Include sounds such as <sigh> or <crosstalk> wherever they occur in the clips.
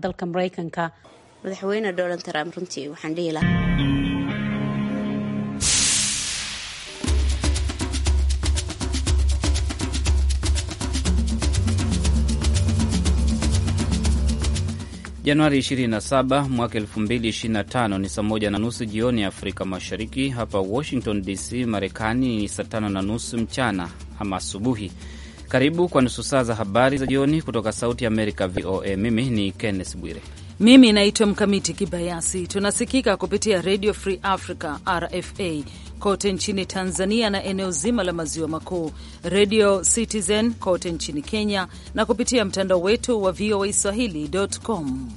dalka Maraykanka. Madaxweyne Donald Trump runtii waxaan dhihi lahaa Januari 27 mwaka 2025 ni saa moja na nusu jioni Afrika Mashariki. Hapa Washington DC, Marekani ni saa tano na nusu mchana ama asubuhi. Karibu kwa nusu saa za habari za jioni kutoka Sauti Amerika, VOA. Mimi ni Kenneth Bwire. Mimi naitwa Mkamiti Kibayasi. Tunasikika kupitia Radio Free Africa, RFA, kote nchini Tanzania na eneo zima la maziwa makuu, Radio Citizen kote nchini Kenya, na kupitia mtandao wetu wa VOA swahili.com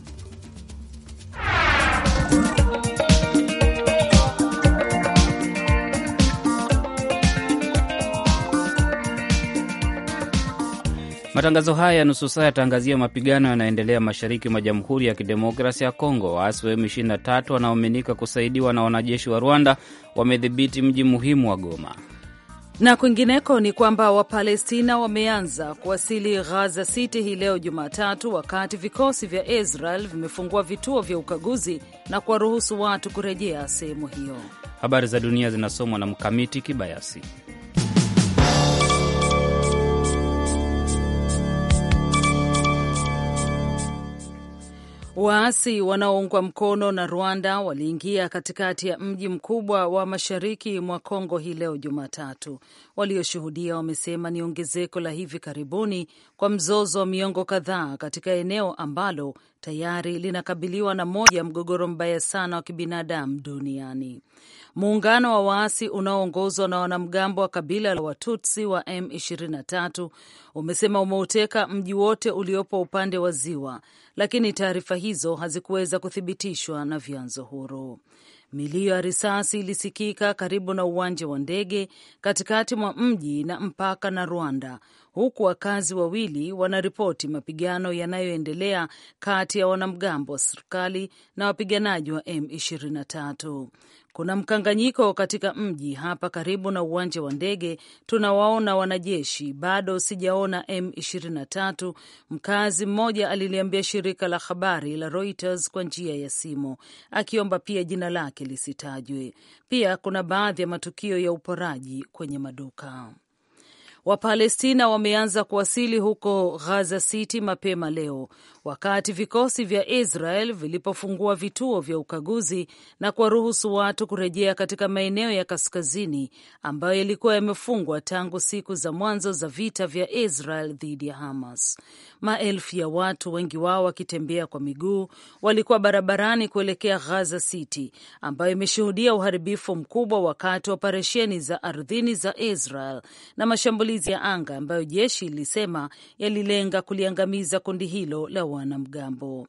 Matangazo haya ya nusu saa yataangazia mapigano yanayoendelea mashariki mwa Jamhuri ya Kidemokrasia ya Kongo. Waasi wa M23 wanaoaminika kusaidiwa na wanajeshi wa Rwanda wamedhibiti mji muhimu wa Goma na kwingineko ni kwamba Wapalestina wameanza kuwasili Ghaza City hii leo Jumatatu, wakati vikosi vya Israel vimefungua vituo vya ukaguzi na kuwaruhusu watu kurejea sehemu hiyo. Habari za dunia zinasomwa na Mkamiti Kibayasi. Waasi wanaoungwa mkono na Rwanda waliingia katikati ya mji mkubwa wa mashariki mwa Kongo hii leo Jumatatu. Walioshuhudia wamesema ni ongezeko la hivi karibuni kwa mzozo wa miongo kadhaa katika eneo ambalo tayari linakabiliwa na moja ya mgogoro mbaya sana wa kibinadamu duniani. Muungano wa waasi unaoongozwa na wanamgambo wa kabila la Watutsi wa M23 umesema umeuteka mji wote uliopo upande wa ziwa, lakini taarifa hizo hazikuweza kuthibitishwa na vyanzo huru. Milio ya risasi ilisikika karibu na uwanja wa ndege katikati mwa mji na mpaka na Rwanda, huku wakazi wawili wanaripoti mapigano yanayoendelea kati ya wanamgambo wa serikali na wapiganaji wa M23. Kuna mkanganyiko katika mji hapa karibu na uwanja wa ndege. Tunawaona wanajeshi, bado sijaona M23, mkazi mmoja aliliambia shirika la habari la Reuters kwa njia ya simu, akiomba pia jina lake lisitajwe. Pia kuna baadhi ya matukio ya uporaji kwenye maduka. Wapalestina wameanza kuwasili huko Gaza City mapema leo wakati vikosi vya Israel vilipofungua vituo vya ukaguzi na kuwaruhusu watu kurejea katika maeneo ya kaskazini ambayo yalikuwa yamefungwa tangu siku za mwanzo za vita vya Israel dhidi ya Hamas. Maelfu ya watu, wengi wao wakitembea kwa miguu, walikuwa barabarani kuelekea Gaza City ambayo imeshuhudia uharibifu mkubwa wakati wa operesheni za ardhini za Israel na mashambulizi ya anga ambayo jeshi ilisema yalilenga kuliangamiza kundi hilo la wanamgambo.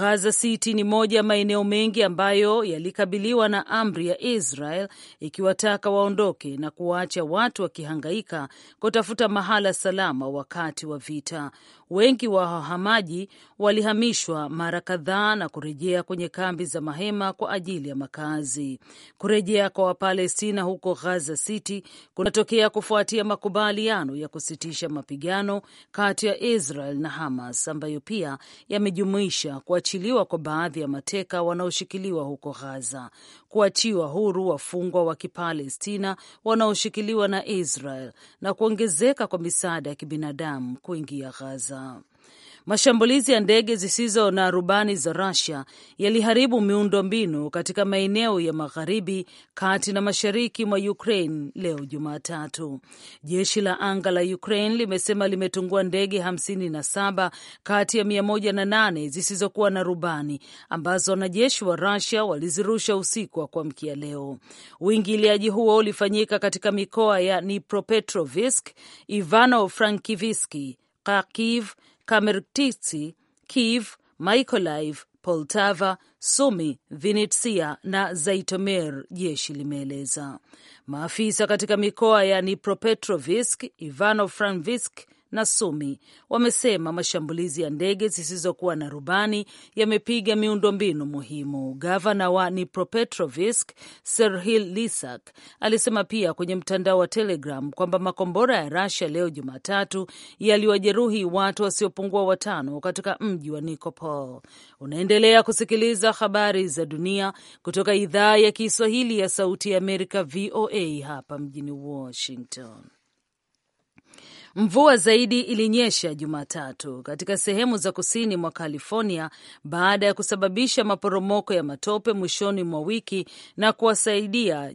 Gaza City ni moja ya maeneo mengi ambayo yalikabiliwa na amri ya Israel ikiwataka waondoke na kuwaacha watu wakihangaika kutafuta mahala salama wakati wa vita. Wengi wa wahamaji walihamishwa mara kadhaa na kurejea kwenye kambi za mahema kwa ajili ya makazi. Kurejea kwa Wapalestina huko Gaza City kunatokea kufuatia makubaliano ya kusitisha mapigano kati ya Israel na Hamas ambayo pia pia yamejumuisha kuachiliwa kwa baadhi ya mateka wanaoshikiliwa huko Gaza, kuachiwa huru wafungwa wa Kipalestina wanaoshikiliwa na Israel na kuongezeka kwa misaada ya kibinadamu kuingia Gaza. Mashambulizi ya ndege zisizo na rubani za rasia yaliharibu miundombinu katika maeneo ya magharibi, kati na mashariki mwa Ukraine leo Jumatatu. Jeshi la anga la Ukraine limesema limetungua ndege 57 kati ya 108 zisizokuwa na rubani ambazo wanajeshi wa rasia walizirusha usiku wa kuamkia leo. Uingiliaji huo ulifanyika katika mikoa ya Dnipropetrovsk, Ivano frankiviski Kharkiv, Kamertsi, Kiev, Mykolaiv, Poltava, Sumi, Vinitsia na Zaitomir, jeshi limeeleza. Maafisa katika mikoa ya nipropetrovisk Ivano franvisk na Sumi wamesema mashambulizi ya ndege zisizokuwa na rubani yamepiga miundombinu muhimu. Gavana wa Nipropetrovisk Serhil Lisak alisema pia kwenye mtandao wa Telegram kwamba makombora ya Rasia leo Jumatatu yaliwajeruhi watu wasiopungua watano katika mji wa Nikopol. Unaendelea kusikiliza habari za dunia kutoka idhaa ya Kiswahili ya Sauti ya Amerika, VOA hapa mjini Washington. Mvua zaidi ilinyesha Jumatatu katika sehemu za kusini mwa California baada ya kusababisha maporomoko ya matope mwishoni mwa wiki na kuwasaidia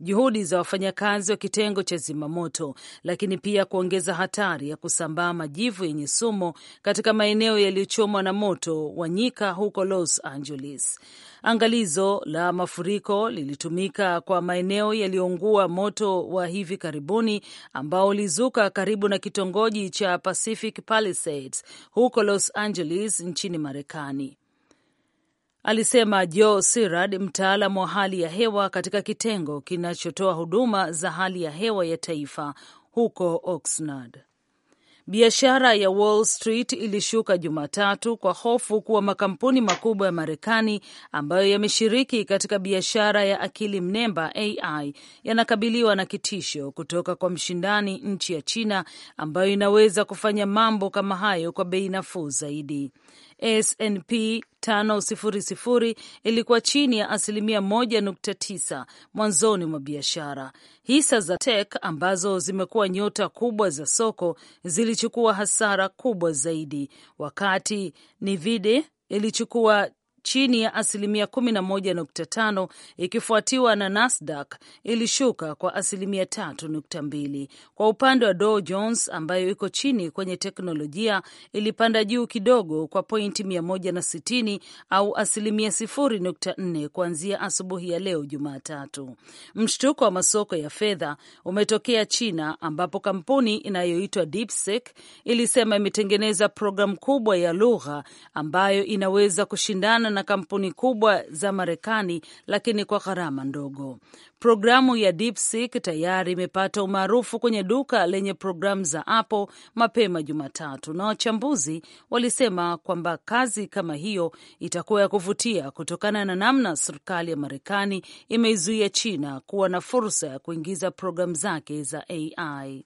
juhudi za wafanyakazi wa kitengo cha zimamoto, lakini pia kuongeza hatari ya kusambaa majivu yenye sumu katika maeneo yaliyochomwa na moto wa nyika huko Los Angeles. Angalizo la mafuriko lilitumika kwa maeneo yaliyoungua moto wa hivi karibuni ambao ulizuka karibu na kitongoji cha Pacific Palisades huko Los Angeles nchini Marekani. Alisema Joe Sirad, mtaalam wa hali ya hewa katika kitengo kinachotoa huduma za hali ya hewa ya taifa huko Oxnard. Biashara ya Wall Street ilishuka Jumatatu kwa hofu kuwa makampuni makubwa ya Marekani ambayo yameshiriki katika biashara ya akili mnemba AI yanakabiliwa na kitisho kutoka kwa mshindani nchi ya China ambayo inaweza kufanya mambo kama hayo kwa bei nafuu zaidi. SNP 500 ilikuwa chini ya asilimia 1.9 mwanzoni mwa biashara. Hisa za tech ambazo zimekuwa nyota kubwa za soko zilichukua hasara kubwa zaidi, wakati Nvidia ilichukua chini ya asilimia 11.5 ikifuatiwa na Nasdaq ilishuka kwa asilimia 3.2. Kwa upande wa Dow Jones ambayo iko chini kwenye teknolojia ilipanda juu kidogo kwa pointi 160 au asilimia 0.4 kuanzia asubuhi ya leo Jumatatu. Mshtuko wa masoko ya fedha umetokea China ambapo kampuni inayoitwa DeepSeek ilisema imetengeneza programu kubwa ya lugha ambayo inaweza kushindana kushirikiana na kampuni kubwa za Marekani, lakini kwa gharama ndogo. Programu ya DeepSeek tayari imepata umaarufu kwenye duka lenye programu za Apple mapema Jumatatu, na wachambuzi walisema kwamba kazi kama hiyo itakuwa ya kuvutia kutokana na namna serikali ya Marekani imeizuia China kuwa na fursa ya kuingiza programu zake za AI.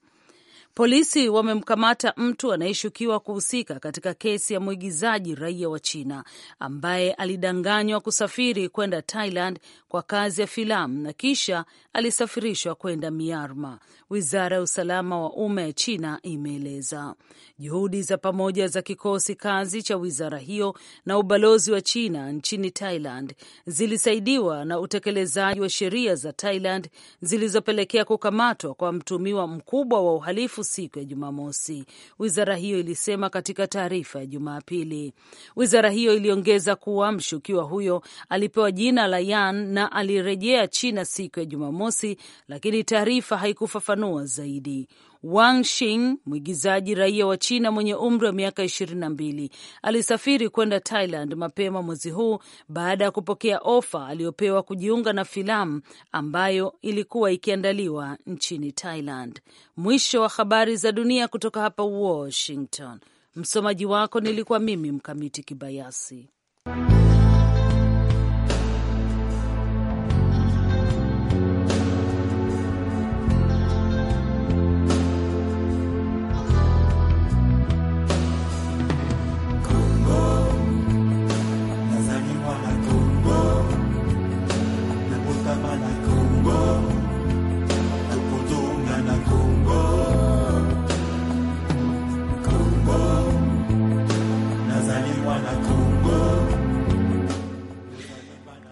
Polisi wamemkamata mtu anayeshukiwa kuhusika katika kesi ya mwigizaji raia wa China ambaye alidanganywa kusafiri kwenda Thailand kwa kazi ya filamu na kisha alisafirishwa kwenda Myanmar. Wizara ya usalama wa umma ya China imeeleza juhudi za pamoja za kikosi kazi cha wizara hiyo na ubalozi wa China nchini Thailand zilisaidiwa na utekelezaji wa sheria za Thailand zilizopelekea kukamatwa kwa mtumiwa mkubwa wa uhalifu siku ya Jumamosi, wizara hiyo ilisema katika taarifa ya Jumapili. Wizara hiyo iliongeza kuwa mshukiwa huyo alipewa jina la Yan na alirejea China siku ya Jumamosi, lakini taarifa haikufafanua zaidi. Wang Shing, mwigizaji raia wa China mwenye umri wa miaka ishirini na mbili, alisafiri kwenda Thailand mapema mwezi huu baada ya kupokea ofa aliyopewa kujiunga na filamu ambayo ilikuwa ikiandaliwa nchini Thailand. Mwisho wa habari za dunia kutoka hapa Washington. Msomaji wako nilikuwa mimi Mkamiti Kibayasi.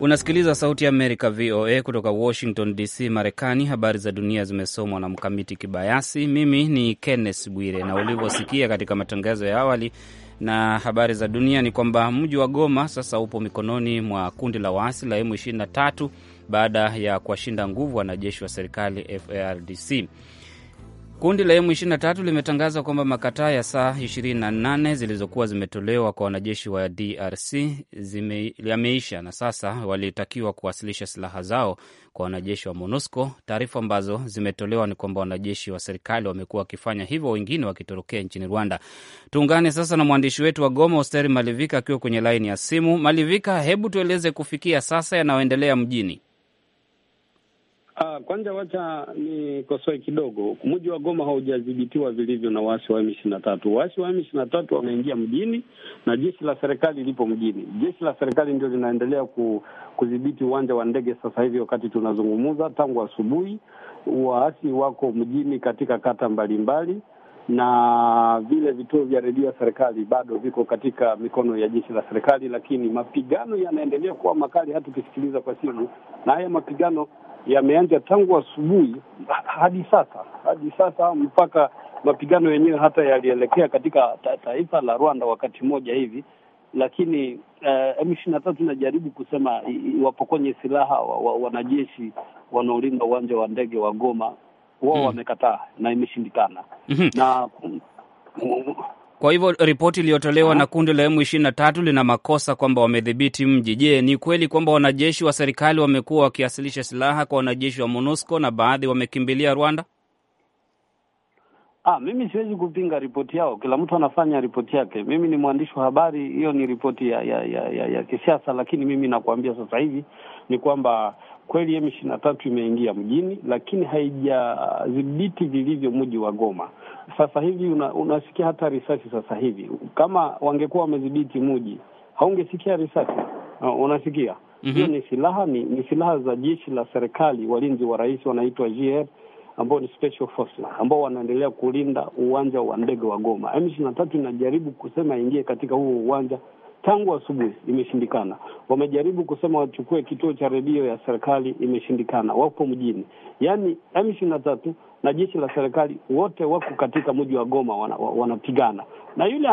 Unasikiliza Sauti ya Amerika, VOA, kutoka Washington DC, Marekani. Habari za dunia zimesomwa na Mkamiti Kibayasi. Mimi ni Kenneth Bwire, na ulivyosikia katika matangazo ya awali na habari za dunia ni kwamba mji wa Goma sasa upo mikononi mwa kundi la waasi la M23 baada ya kuwashinda nguvu wanajeshi wa serikali FARDC. Kundi la M23 limetangaza kwamba makataa ya saa 28 zilizokuwa zimetolewa kwa wanajeshi wa DRC yameisha na sasa walitakiwa kuwasilisha silaha zao kwa wanajeshi wa MONUSCO. Taarifa ambazo zimetolewa ni kwamba wanajeshi wa serikali wamekuwa wakifanya hivyo, wengine wakitorokea nchini Rwanda. Tuungane sasa na mwandishi wetu wa Goma, Osteri Malivika, akiwa kwenye laini ya simu. Malivika, hebu tueleze kufikia sasa yanayoendelea mjini. Ah, kwanza wacha kosoe kidogo. Mji wa Goma haujadhibitiwa vilivyo na waasi wa M ishirini na tatu. Waasi wa M ishirini na tatu wameingia mjini na jeshi la serikali lipo mjini. Jeshi la serikali ndio linaendelea ku, kudhibiti uwanja wa ndege sasa hivi wakati tunazungumza, tangu asubuhi waasi wako mjini katika kata mbalimbali mbali, na vile vituo vya redio ya serikali bado viko katika mikono ya jeshi la serikali, lakini mapigano yanaendelea kuwa makali hata ukisikiliza kwa simu, na haya mapigano yameanza tangu asubuhi hadi sasa, hadi sasa mpaka mapigano yenyewe hata yalielekea katika ta taifa la Rwanda wakati mmoja hivi, lakini uh, m tatu inajaribu kusema kwenye silaha wa, wa, wanajeshi wanaolinda uwanja wa ndege wa Goma wao, mm. wamekataa na imeshindikana. mm -hmm. na mm, mm, kwa hivyo ripoti iliyotolewa na kundi la M23 lina makosa kwamba wamedhibiti mji. Je, ni kweli kwamba wanajeshi wa serikali wamekuwa wakiasilisha silaha kwa wanajeshi wa MONUSCO na baadhi wamekimbilia Rwanda? Ah, mimi siwezi kupinga ripoti yao. Kila mtu anafanya ripoti yake. Mimi ni mwandishi wa habari, hiyo ni ripoti ya ya, ya, ya, ya kisiasa, lakini mimi nakuambia sasa hivi ni kwamba Kweli M 23 na tatu imeingia mjini, lakini haijadhibiti vilivyo mji wa Goma. Sasa hivi una, unasikia hata risasi sasa hivi. Kama wangekuwa wamedhibiti mji, haungesikia risasi uh, unasikia mhm. hiyo. mm -hmm. Ni silaha ni, ni silaha za jeshi la serikali, walinzi wa rais wanaitwa JR ambao ni special forces ambao wanaendelea kulinda uwanja wa ndege wa Goma. M 23 na tatu inajaribu kusema ingie katika huo uwanja tangu asubuhi, imeshindikana. Wamejaribu kusema wachukue kituo cha redio ya serikali, imeshindikana. Wapo mjini, yaani M ishirini na tatu na jeshi la serikali wote wako katika mji wa Goma wanapigana, na yule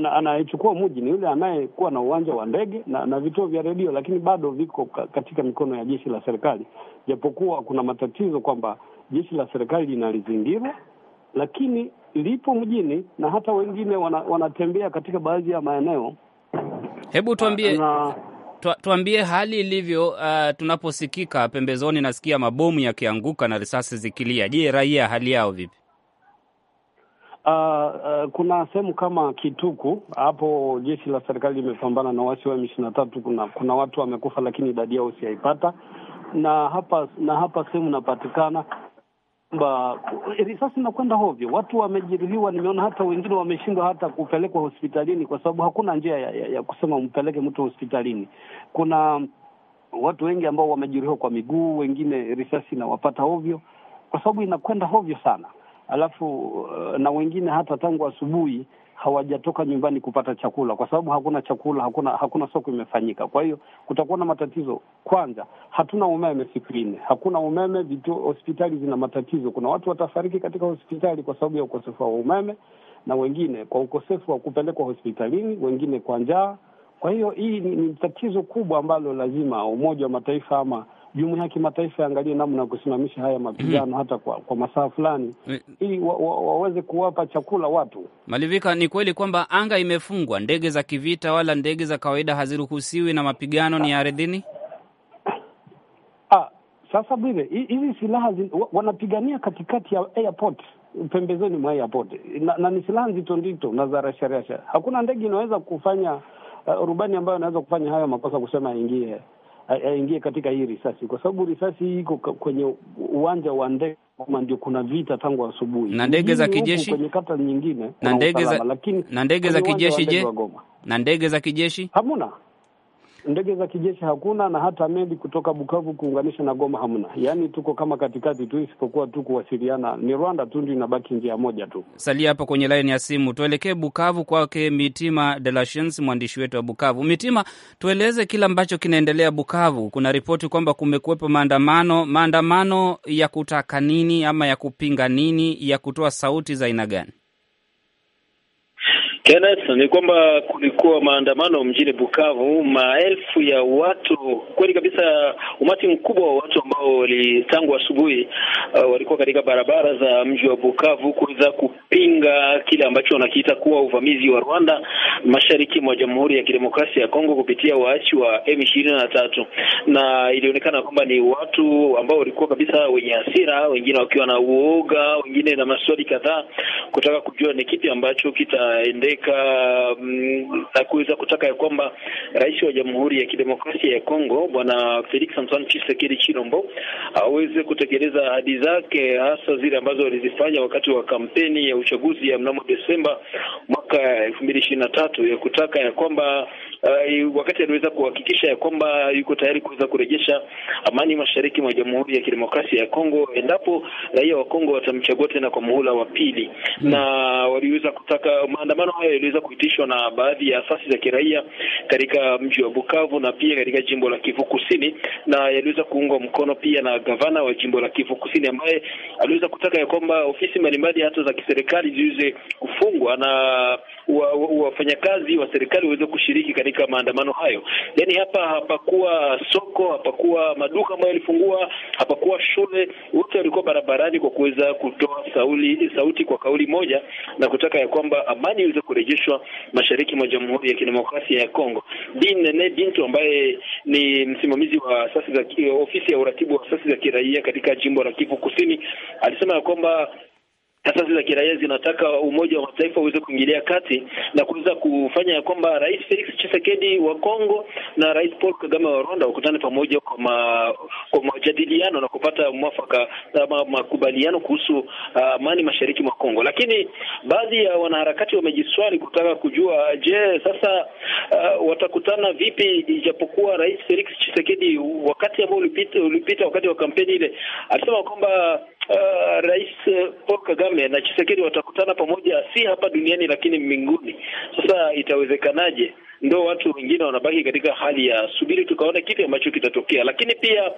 anayechukua mji ni yule anayekuwa na uwanja wa ndege na, na vituo vya redio, lakini bado viko katika mikono ya jeshi la serikali, japokuwa kuna matatizo kwamba jeshi la serikali linalizingira, lakini lipo mjini na hata wengine wana, wanatembea katika baadhi ya maeneo Hebu tuambie na, tuambie hali ilivyo. Uh, tunaposikika pembezoni, nasikia mabomu yakianguka na risasi zikilia. Je, raia hali yao vipi? Uh, uh, kuna sehemu kama Kituku hapo jeshi la serikali limepambana na wasi wa M23. Kuna kuna watu wamekufa, lakini idadi yao siyaipata, na hapa na hapa sehemu napatikana kwamba risasi inakwenda hovyo, watu wamejeruhiwa. Nimeona hata wengine wameshindwa hata kupelekwa hospitalini, kwa sababu hakuna njia ya, ya, ya kusema mpeleke mtu hospitalini. Kuna watu wengi ambao wamejeruhiwa kwa miguu, wengine risasi inawapata hovyo, kwa sababu inakwenda hovyo sana, alafu eh, na wengine hata tangu asubuhi hawajatoka nyumbani kupata chakula, kwa sababu hakuna chakula, hakuna hakuna soko imefanyika. Kwa hiyo kutakuwa na matatizo. Kwanza hatuna umeme siku nne, hakuna umeme, vituo hospitali zina matatizo. Kuna watu watafariki katika hospitali kwa sababu ya ukosefu wa umeme, na wengine kwa ukosefu wa kupelekwa hospitalini, wengine kwa njaa. Kwa hiyo hii ni, ni tatizo kubwa ambalo lazima Umoja wa Mataifa ama jumuiya ya kimataifa iangalie namna ya kusimamisha haya mapigano mm. hata kwa, kwa masaa fulani eh. ili wa, wa, waweze kuwapa chakula watu. Malivika, ni kweli kwamba anga imefungwa, ndege za kivita wala ndege za kawaida haziruhusiwi na mapigano ni ardhini. Ah, sasa bile hizi silaha wanapigania katikati ya airport pembezoni mwa airport na, na ni silaha nzito nzito na za rasharasha. Hakuna ndege inaweza kufanya uh, rubani ambayo inaweza kufanya hayo makosa kusema ingie aingie katika hii risasi, kwa sababu risasi hii iko kwenye uwanja wa ndege, kama ndio kuna vita tangu asubuhi, na ndege za kijeshi kwenye kata nyingine na ndege za kijeshi, je, na ndege za kijeshi hamuna ndege za kijeshi hakuna, na hata meli kutoka Bukavu kuunganisha na Goma hamna. Yaani tuko kama katikati tu, isipokuwa tu kuwasiliana. Ni Rwanda tu ndio inabaki njia moja tu. Salia hapo kwenye laini ya simu, tuelekee Bukavu kwake Mitima de mwandishi wetu wa Bukavu. Mitima, tueleze kile ambacho kinaendelea Bukavu. Kuna ripoti kwamba kumekuwepo maandamano. Maandamano ya kutaka nini ama ya kupinga nini? Ya kutoa sauti za aina gani? Kenneth, ni kwamba kulikuwa maandamano mjini Bukavu, maelfu ya watu kweli kabisa, umati mkubwa wa watu ambao wali tangu asubuhi wa uh, walikuwa katika barabara za mji wa Bukavu kuweza kupinga kile ambacho wanakiita kuwa uvamizi wa Rwanda mashariki mwa Jamhuri ya Kidemokrasia ya Kongo kupitia waasi wa M23, na ilionekana kwamba ni watu ambao walikuwa kabisa wenye hasira, wengine wakiwa na uoga, wengine na maswali kadhaa kutaka kujua ni kipi ambacho kitaende kadhalika mm, na kuweza kutaka ya kwamba rais wa Jamhuri ya Kidemokrasia ya Kongo Bwana Felix Antoine Tshisekedi Chilombo aweze kutekeleza ahadi zake, hasa zile ambazo alizifanya wakati wa kampeni ya uchaguzi ya mnamo Desemba mwaka elfu mbili ishirini na tatu ya kutaka ya kwamba uh, wakati aliweza kuhakikisha ya kwamba yuko tayari kuweza kurejesha amani mashariki mwa Jamhuri ya Kidemokrasia ya Kongo endapo raia wa Kongo watamchagua tena kwa muhula wa pili Hmm. na waliweza kutaka maandamano hayo yaliweza kuitishwa na baadhi ya asasi za kiraia katika mji wa Bukavu na pia katika jimbo la Kivu Kusini, na yaliweza kuungwa mkono pia na gavana wa jimbo la Kivu Kusini ambaye aliweza kutaka ya kwamba ofisi mbalimbali hata za kiserikali ziweze kufungwa na wafanyakazi wa, wa serikali waweze kushiriki katika maandamano hayo. Yani hapa hapakuwa soko, hapakuwa maduka ambayo yalifungua, hapakuwa shule, wote walikuwa barabarani kwa kuweza kutoa sauli, sauti kwa kauli moja na kutaka ya kwamba amani iweze kurejeshwa mashariki mwa Jamhuri ya Kidemokrasia ya Kongo. Bin Nene Bintu ambaye ni msimamizi wa asasi za ofisi ya uratibu wa asasi za kiraia katika jimbo la Kivu Kusini alisema ya kwamba asasi za kiraia zinataka Umoja wa Mataifa uweze kuingilia kati na kuweza kufanya ya kwamba Rais Felix Tshisekedi wa Kongo na Rais Paul Kagame wa Rwanda wakutane pamoja kwa, ma, kwa majadiliano na kupata mwafaka ama makubaliano kuhusu ah, amani uh, mashariki mwa Kongo. Lakini baadhi ya wanaharakati wamejiswali kutaka kujua, je, sasa uh, watakutana vipi, ijapokuwa Rais Felix Tshisekedi wakati ambao ulipita, ulipita wakati wa kampeni ile alisema kwamba Uh, Rais Paul Kagame na Chisekedi watakutana pamoja, si hapa duniani lakini mbinguni. Sasa itawezekanaje? Ndo watu wengine wanabaki katika hali ya subiri tukaona kipi ambacho kitatokea, lakini pia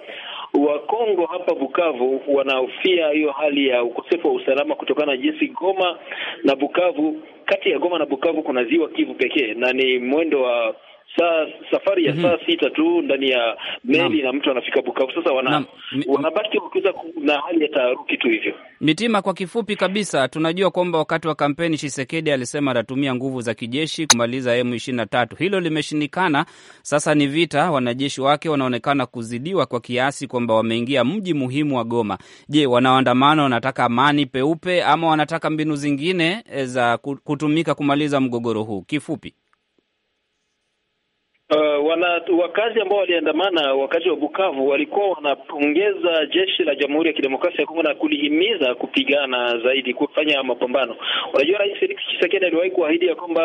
Wakongo hapa Bukavu wanahofia hiyo hali ya ukosefu wa usalama kutokana na jinsi Goma na Bukavu, kati ya Goma na Bukavu kuna ziwa Kivu pekee na ni mwendo wa saa safari ya mm -hmm. saa sita tu ndani ya meli na mtu anafika Bukavu. Sasa wana wanabaki wakiweza na hali ya taharuki tu hivyo. Mitima, kwa kifupi kabisa, tunajua kwamba wakati wa kampeni chisekedi alisema atatumia nguvu za kijeshi kumaliza m tatu. Hilo limeshindikana. Sasa ni vita, wanajeshi wake wanaonekana kuzidiwa kwa kiasi kwamba wameingia mji muhimu wa Goma. Je, wanaoandamana wanataka amani peupe ama wanataka mbinu zingine eh, za kutumika kumaliza mgogoro huu? Kifupi. Uh, wana wakazi ambao waliandamana wakazi wa Bukavu walikuwa wanapongeza jeshi la Jamhuri ya Kidemokrasia ya Kongo na kulihimiza kupigana zaidi, kufanya mapambano. Unajua, Rais Felix Tshisekedi aliwahi kuahidi ya kwamba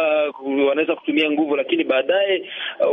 wanaweza kutumia nguvu, lakini baadaye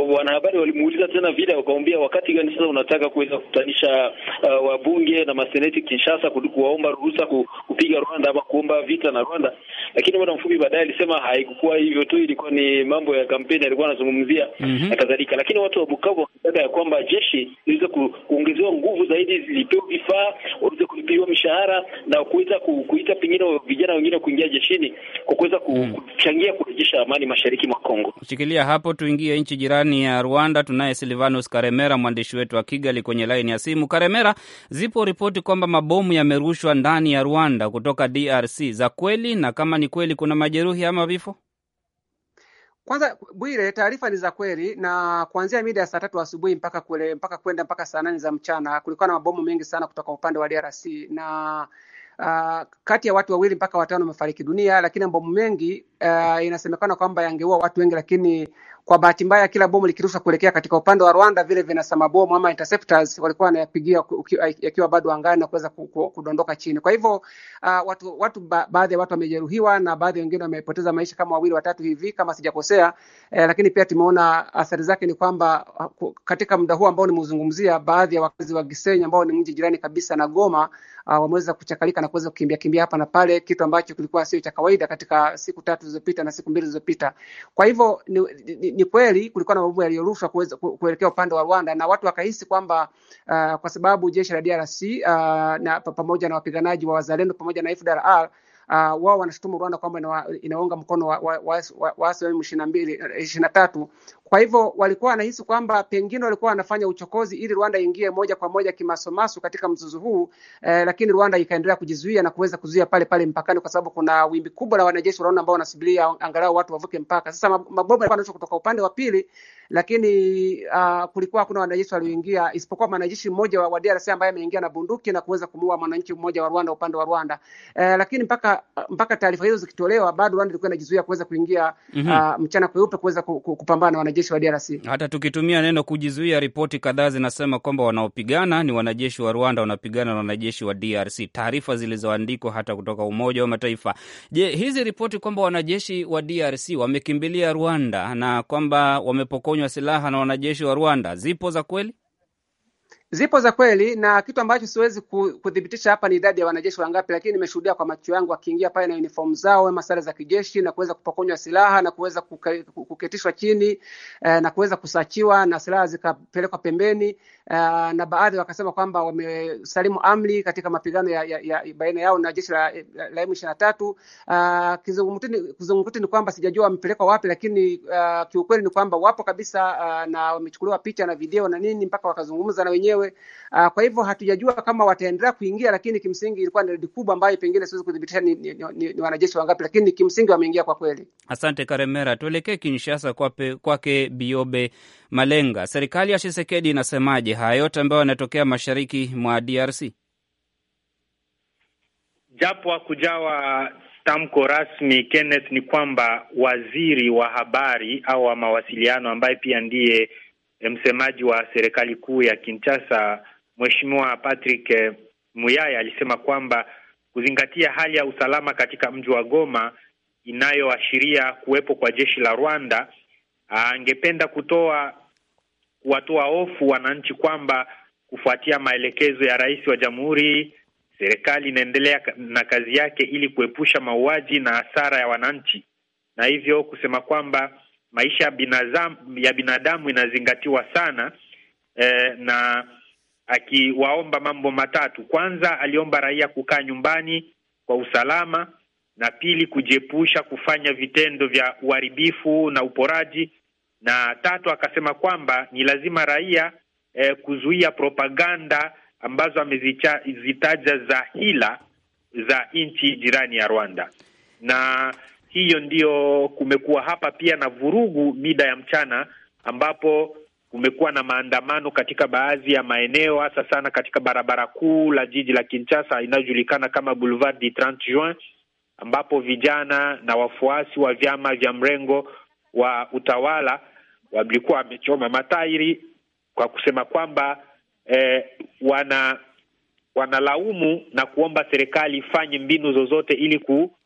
uh, wanahabari walimuuliza tena vile, wakamwambia wakati gani sasa unataka kuweza kukutanisha uh, wabunge na maseneti Kinshasa kuwaomba ruhusa kupiga Rwanda ama kuomba vita na Rwanda, lakini muda mfupi baadaye alisema haikukuwa hivyo tu, ilikuwa ni mambo ya kampeni alikuwa anazungumzia mm -hmm kadhalika. Lakini watu wa Bukavu wakitaka ya kwamba jeshi liweze kuongezewa nguvu zaidi, zilipewa vifaa, waweze kulipiwa mishahara na kuweza kuita pengine vijana wengine kuingia jeshini kwa kuweza hmm. kuchangia kurejesha amani mashariki mwa Kongo. Kushikilia hapo, tuingie nchi jirani ya Rwanda. Tunaye Silvanus Karemera, mwandishi wetu wa Kigali, kwenye laini ya simu. Karemera, zipo ripoti kwamba mabomu yamerushwa ndani ya Rwanda kutoka DRC, za kweli? Na kama ni kweli, kuna majeruhi ama vifo? Kwanza Bwire, taarifa ni za kweli, na kuanzia mida ya saa tatu asubuhi mpaka kule mpaka kwenda mpaka saa nane za mchana kulikuwa na mabomu mengi sana kutoka upande wa DRC na Uh, kati ya watu wawili mpaka watano wamefariki dunia, lakini mabomu mengi uh, inasemekana kwamba yangeua watu wengi, lakini kwa bahati mbaya, kila bomu likirushwa kuelekea katika upande wa Rwanda, vile vinasa mabomu ama interceptors walikuwa wanayapigia yakiwa bado angani na kuweza kudondoka chini. Kwa hivyo uh, watu, watu ba, baadhi ya watu wamejeruhiwa na baadhi wengine wamepoteza maisha kama wawili watatu hivi kama sijakosea eh, lakini pia tumeona athari zake ni kwamba ah, katika muda huu ambao nimeuzungumzia, baadhi ya wakazi wa Gisenyi ambao ni mji jirani kabisa na Goma uh, wameweza kuchakalika na kuweza kukimbia kimbia hapa na pale, kitu ambacho kilikuwa sio cha kawaida katika siku tatu zilizopita na siku mbili zilizopita. Kwa hivyo ni, ni, ni kweli kulikuwa na mabomu yaliyorushwa kuelekea upande wa Rwanda na watu wakahisi kwamba uh, kwa sababu jeshi la DRC uh, na pamoja na wapiganaji wa wazalendo pamoja na FDLR uh, wao wanashutumu Rwanda kwamba ina, inaunga mkono waasi wa, wa, wa, wa, wa, ishirini na mbili eh, ishirini na tatu. Kwa hivyo walikuwa wanahisi kwamba pengine walikuwa wanafanya uchokozi ili Rwanda ingie moja kwa moja kimasomaso katika mzozo huu eh, lakini Rwanda ikaendelea kujizuia na kuweza kuzuia pale pale mpakani, kwa sababu kuna wimbi kubwa la wanajeshi wa Rwanda ambao wanasubiria angalau watu wavuke mpaka. Sasa mabomu yalikuwa yanatoka kutoka upande wa pili lakini uh, kulikuwa hakuna wanajeshi walioingia isipokuwa mwanajeshi mmoja wa DRC ambaye ameingia na bunduki na kuweza kumuua mwananchi mmoja wa Rwanda upande wa Rwanda. Eh, lakini mpaka mpaka taarifa hizo zikitolewa bado Rwanda ilikuwa inajizuia kuweza kuingia mm -hmm. uh, mchana kweupe kuweza kupambana na wanajeshi wa DRC. Hata tukitumia neno kujizuia, ripoti kadhaa zinasema kwamba wanaopigana ni wanajeshi wa Rwanda wanapigana na wanajeshi wa DRC, taarifa zilizoandikwa hata kutoka Umoja wa Mataifa. Je, hizi ripoti kwamba wanajeshi wa DRC wamekimbilia Rwanda na kwamba wamepokonywa kupokonywa silaha na wanajeshi wa Rwanda zipo za kweli? Zipo za kweli, na kitu ambacho siwezi kuthibitisha hapa ni idadi ya wanajeshi wangapi, lakini nimeshuhudia kwa macho yangu wakiingia pale na uniform zao ama sare za kijeshi na kuweza kupokonywa silaha na kuweza kuketishwa chini eh, na kuweza kusachiwa na silaha zikapelekwa pembeni uh, na baadhi wakasema kwamba wamesalimu amri katika mapigano ya, ya, ya baina yao na jeshi la, la M23. Uh, kizungumkuti ni kwamba sijajua wamepelekwa wapi, lakini uh, kiukweli ni kwamba wapo kabisa uh, na wamechukuliwa picha na video na nini mpaka wakazungumza na wenyewe uh, kwa hivyo hatujajua kama wataendelea kuingia, lakini kimsingi ilikuwa ni idadi kubwa ambayo pengine siwezi kudhibitisha ni, ni, ni, ni wanajeshi wangapi, lakini kimsingi wameingia kwa kweli. Asante Karemera, tuelekee Kinshasa kwake kwa Biobe Malenga, serikali ya Shisekedi inasemaje haya yote ambayo yanatokea mashariki mwa DRC? Japo hakujawa tamko rasmi, Kenneth, ni kwamba waziri wa habari au wa mawasiliano ambaye pia ndiye msemaji wa serikali kuu ya Kinshasa, Mheshimiwa Patrick eh, Muyaya alisema kwamba kuzingatia hali ya usalama katika mji wa Goma inayoashiria kuwepo kwa jeshi la Rwanda Angependa kutoa kuwatoa hofu wananchi kwamba kufuatia maelekezo ya rais wa jamhuri, serikali inaendelea na kazi yake ili kuepusha mauaji na hasara ya wananchi, na hivyo kusema kwamba maisha binazam, ya binadamu inazingatiwa sana eh, na akiwaomba mambo matatu. Kwanza, aliomba raia kukaa nyumbani kwa usalama, na pili, kujiepusha kufanya vitendo vya uharibifu na uporaji, na tatu, akasema kwamba ni lazima raia eh, kuzuia propaganda ambazo amezitaja za hila za nchi jirani ya Rwanda, na hiyo ndiyo kumekuwa hapa pia na vurugu mida ya mchana, ambapo kumekuwa na maandamano katika baadhi ya maeneo, hasa sana katika barabara kuu la jiji la Kinshasa inayojulikana kama Boulevard du 30 Juin, ambapo vijana na wafuasi wa vyama vya mrengo wa utawala walikuwa wamechoma matairi kwa kusema kwamba eh, wana wanalaumu na kuomba serikali ifanye mbinu zozote ili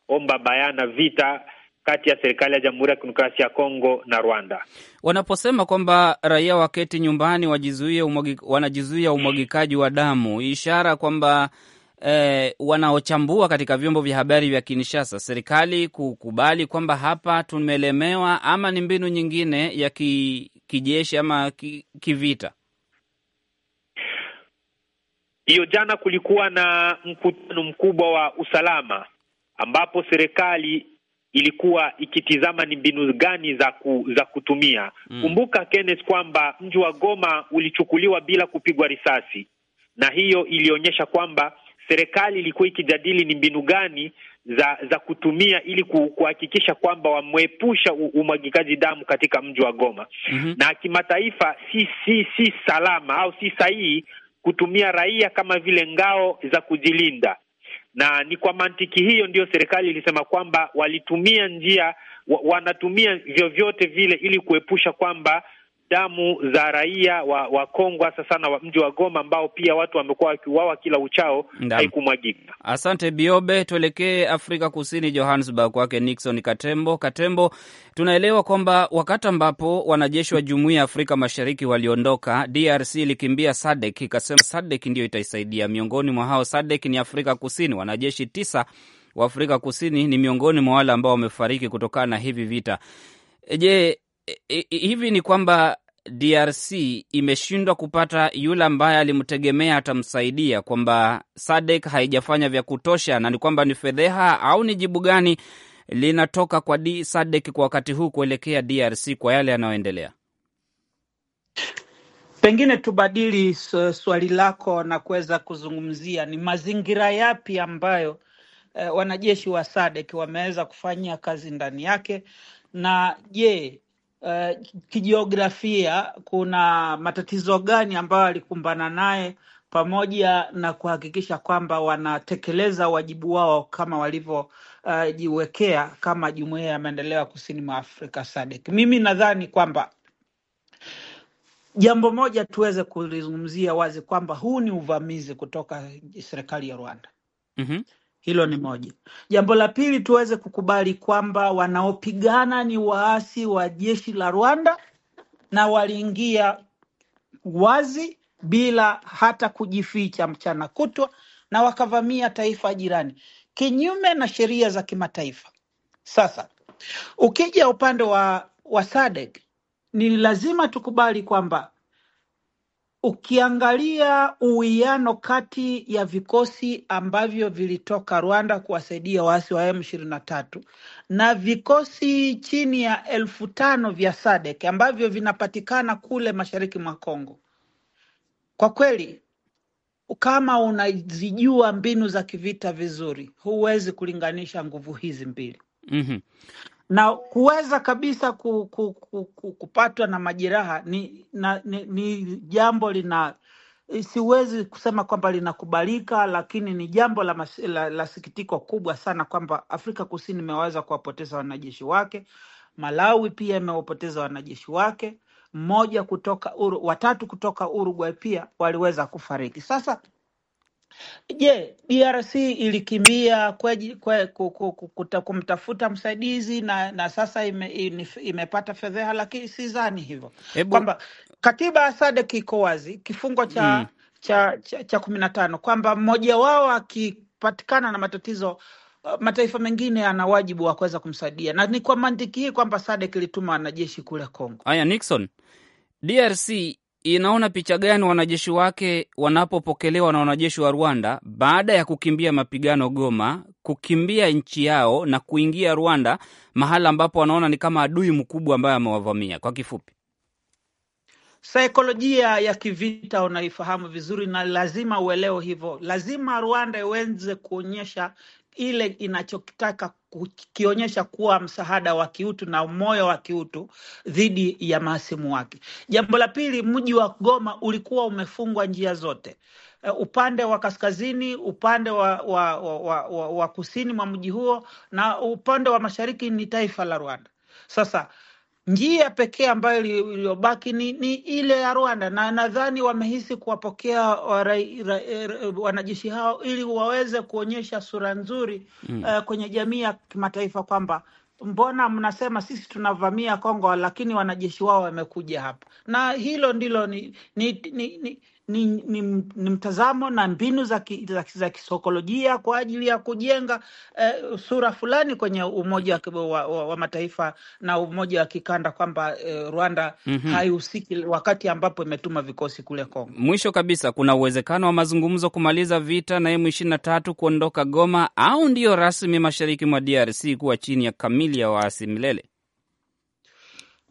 kuomba bayana vita kati ya serikali ya Jamhuri ya Kidemokrasia ya Kongo na Rwanda. Wanaposema kwamba raia waketi nyumbani wajizuie, umwagi, wanajizuia umwagikaji wa damu, ishara kwamba eh, wanaochambua katika vyombo vya habari vya Kinshasa, serikali kukubali kwamba hapa tumelemewa, ama ni mbinu nyingine ya ki, kijeshi ama ki, kivita? Hiyo jana kulikuwa na mkutano mkubwa wa usalama ambapo serikali ilikuwa ikitizama ni mbinu gani za ku, za kutumia mm. Kumbuka Kenneth, kwamba mji wa Goma ulichukuliwa bila kupigwa risasi, na hiyo ilionyesha kwamba serikali ilikuwa ikijadili ni mbinu gani za za kutumia ili kuhakikisha kwamba wamwepusha umwagikaji damu katika mji wa Goma. mm -hmm. Na kimataifa, si si si salama au si sahihi kutumia raia kama vile ngao za kujilinda, na ni kwa mantiki hiyo ndiyo serikali ilisema kwamba walitumia njia wa, wanatumia vyovyote vile ili kuepusha kwamba damu za raia wa, wa Kongo hasa sana wa mji wa Goma ambao pia watu wamekuwa wakiuawa kila uchao haikumwagika. Asante Biobe, tuelekee Afrika Kusini, Johannesburg kwake Nixon Katembo. Katembo, tunaelewa kwamba wakati ambapo wanajeshi wa Jumuiya ya Afrika Mashariki waliondoka DRC, ilikimbia SADC ikasema SADC ndio itaisaidia. Miongoni mwa hao SADC ni Afrika Kusini, wanajeshi tisa wa Afrika Kusini ni miongoni mwa wale ambao wamefariki kutokana na hivi vita. Je, hivi ni kwamba DRC imeshindwa kupata yule ambaye alimtegemea atamsaidia, kwamba SADC haijafanya vya kutosha, na ni kwamba ni fedheha au ni jibu gani linatoka kwa SADC kwa wakati huu kuelekea DRC kwa yale yanayoendelea? Pengine tubadili swali lako na kuweza kuzungumzia ni mazingira yapi ambayo eh, wanajeshi wa SADC wameweza kufanya kazi ndani yake na je, uh, kijiografia kuna matatizo gani ambayo alikumbana naye pamoja na kuhakikisha kwamba wanatekeleza wajibu wao kama walivyojiwekea eh, uh, kama Jumuiya ya Maendeleo ya Kusini mwa Afrika SADC. Mimi nadhani kwamba jambo moja tuweze kulizungumzia wazi kwamba huu ni uvamizi kutoka serikali ya Rwanda. mm -hmm. Hilo ni moja. Jambo la pili, tuweze kukubali kwamba wanaopigana ni waasi wa jeshi la Rwanda na waliingia wazi bila hata kujificha mchana kutwa na wakavamia taifa jirani kinyume na sheria za kimataifa. Sasa ukija upande wa, wa SADC ni lazima tukubali kwamba Ukiangalia uwiano kati ya vikosi ambavyo vilitoka Rwanda kuwasaidia waasi wa M23 na vikosi chini ya elfu tano vya SADC ambavyo vinapatikana kule mashariki mwa Kongo, kwa kweli kama unazijua mbinu za kivita vizuri, huwezi kulinganisha nguvu hizi mbili. mm -hmm na kuweza kabisa ku, ku, ku, ku, kupatwa na majeraha ni, na, ni, ni jambo lina siwezi kusema kwamba linakubalika, lakini ni jambo la, mas, la, la sikitiko kubwa sana kwamba Afrika Kusini imeweza kuwapoteza wanajeshi wake. Malawi pia imewapoteza wanajeshi wake, mmoja kutoka Uru, watatu kutoka Uruguay pia waliweza kufariki. Sasa Je, DRC ilikimbia kweji- kwe, kumtafuta msaidizi na, na sasa ime, imepata fedheha, lakini sidhani hivyo kwamba katiba ya SADC iko wazi kifungo mm, cha cha cha, cha kumi na tano kwamba mmoja wao akipatikana na matatizo uh, mataifa mengine yana wajibu wa kuweza kumsaidia, na ni kwa mantiki hii kwamba SADC ilituma wanajeshi kule Kongo. haya Nixon DRC inaona picha gani wanajeshi wake wanapopokelewa na wanajeshi wa Rwanda baada ya kukimbia mapigano Goma, kukimbia nchi yao na kuingia Rwanda, mahala ambapo wanaona ni kama adui mkubwa ambaye amewavamia? Kwa kifupi, saikolojia ya kivita unaifahamu vizuri, na lazima uelewe hivyo. Lazima Rwanda iweze kuonyesha ile inachokitaka kikionyesha kuwa msaada wa kiutu na moyo wa kiutu dhidi ya mahasimu wake. Jambo la pili, mji wa Goma ulikuwa umefungwa njia zote eh, upande wa kaskazini, upande wa, wa, wa, wa, wa kusini mwa mji huo na upande wa mashariki ni taifa la Rwanda. Sasa njia pekee ambayo iliyobaki ni, ni ile ya Rwanda, na nadhani wamehisi kuwapokea eh, eh, wanajeshi hao ili waweze kuonyesha sura nzuri mm. uh, kwenye jamii ya kimataifa kwamba mbona mnasema sisi tunavamia Kongo, lakini wanajeshi wao wamekuja hapa, na hilo ndilo ni, ni, ni, ni ni, ni, ni mtazamo na mbinu za, ki, za, za kisokolojia kwa ajili ya kujenga eh, sura fulani kwenye Umoja wa, wa, wa Mataifa na umoja wa kikanda kwamba eh, Rwanda mm -hmm. haihusiki wakati ambapo imetuma vikosi kule Kongo. Mwisho kabisa, kuna uwezekano wa mazungumzo kumaliza vita na emu ishirini na tatu kuondoka Goma au ndiyo rasmi mashariki mwa DRC kuwa chini ya kamili ya waasi milele?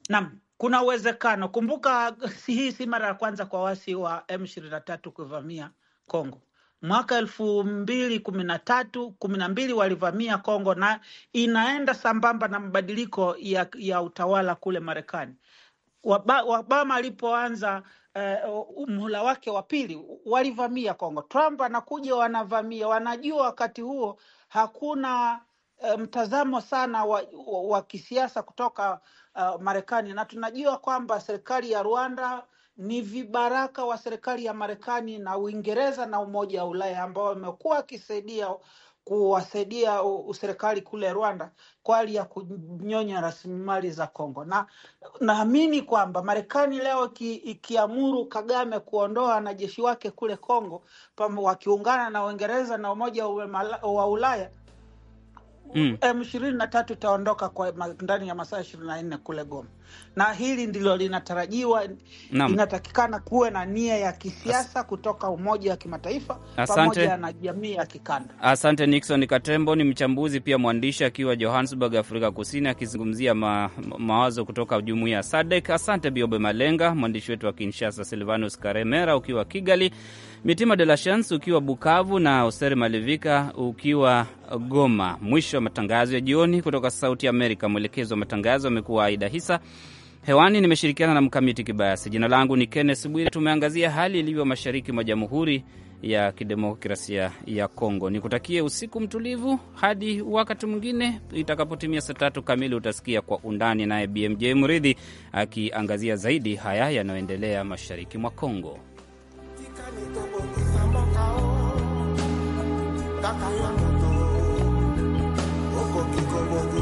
Naam kuna uwezekano. Kumbuka <laughs> hii si mara ya kwanza kwa wasi wa M ishirini na tatu kuvamia Kongo. Mwaka elfu mbili kumi na tatu kumi na mbili walivamia Kongo, na inaenda sambamba na mabadiliko ya, ya utawala kule Marekani. Obama alipoanza uh, eh, mhula wake wa pili walivamia Kongo. Trump anakuja wanavamia, wanajua wakati huo hakuna Eh, mtazamo sana wa, wa, wa kisiasa kutoka uh, Marekani, na tunajua kwamba serikali ya Rwanda ni vibaraka wa serikali ya Marekani na Uingereza na Umoja wa Ulaya ambao wamekuwa wakisaidia kuwasaidia serikali kule Rwanda kwa hali ya kunyonya rasilimali za Kongo, na naamini kwamba Marekani leo ki, ikiamuru Kagame kuondoa wanajeshi wake kule Kongo wakiungana na Uingereza na Umoja wa Ulaya mm. M ishirini na tatu itaondoka kwa ndani ya masaa ishirini na nne kule Goma, na hili ndilo linatarajiwa. Inatakikana kuwe na nia ya kisiasa As... kutoka Umoja wa Kimataifa pamoja na jamii ya kikanda. Asante Nixon Katembo, ni mchambuzi pia mwandishi akiwa Johannesburg, Afrika Kusini, akizungumzia ma, mawazo kutoka jumuiya ya SADC. Asante Biobe Malenga, mwandishi wetu wa Kinshasa Silvanus Karemera ukiwa Kigali. Mitima de la Chance ukiwa Bukavu na Hoser Malivika ukiwa Goma. Mwisho wa matangazo ya jioni kutoka Sauti Amerika. Mwelekezo wa matangazo amekuwa Aida Hisa. Hewani nimeshirikiana na Mkamiti Kibayasi. Jina langu ni Kenneth Bwire. Tumeangazia hali ilivyo mashariki mwa Jamhuri ya Kidemokrasia ya Kongo. Nikutakie usiku mtulivu hadi wakati mwingine itakapotimia saa tatu kamili, utasikia kwa undani naye BMJ Muridhi akiangazia zaidi haya yanayoendelea mashariki mwa Kongo. Takayanoto, Okokiko Bobo.